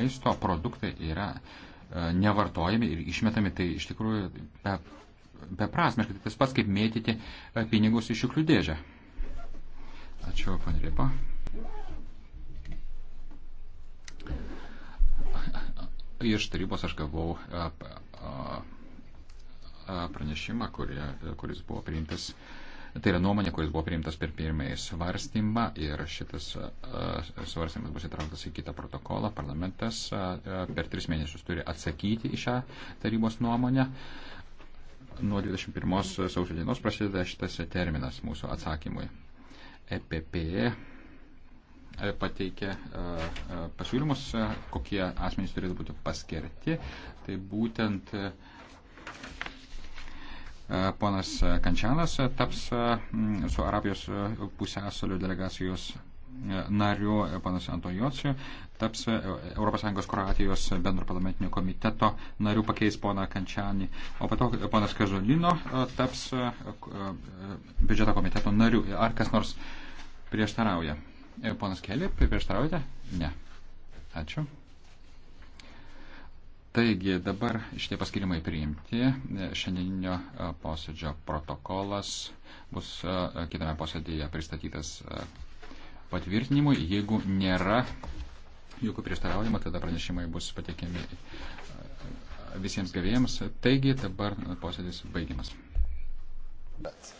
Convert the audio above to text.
maisto produktai yra e, nevartojami ir išmetami, tai iš tikrųjų be, beprasmiškai, tai tas pats kaip mėtyti e, pinigus į šiuklių dėžę. Ačiū, pan Ripa. Iš tarybos aš gavau e, pranešimą, kurie, kuris buvo priimtas Tai yra nuomonė, kuris buvo priimtas per pirmąjį svarstymą ir šitas e, svarstymas bus įtrauktas į kitą protokolą. Parlamentas e, per tris mėnesius turi atsakyti į šią tarybos nuomonę. Nuo 21 sausio dienos prasideda šitas terminas mūsų atsakymui. EPP e, pateikė pasiūlymus, kokie asmenys turėtų būti paskirti. Tai būtent ponas Kančianas taps mm, su Arabijos e, pusėsalių delegacijos e, nariu, panas Antojociu, taps ES Kroatijos bendro parlamentinio komiteto nariu, pakeis poną Kančianį, o pato e, ponas Kazolino taps biudžeto komiteto nariu. Ar kas nors prieštarauja? Ponas Kelė, prieštaraujate? Ne. Ačiū. Taigi dabar šitie paskirimai priimti. Šiandieninio e, posėdžio protokolas bus e, kitame posėdėje pristatytas e, patvirtinimui. Jeigu nėra jokių prieštaraujimų, tada pranešimai bus patiekiami visiems gavėjams. Taigi dabar posėdis baigiamas. That's...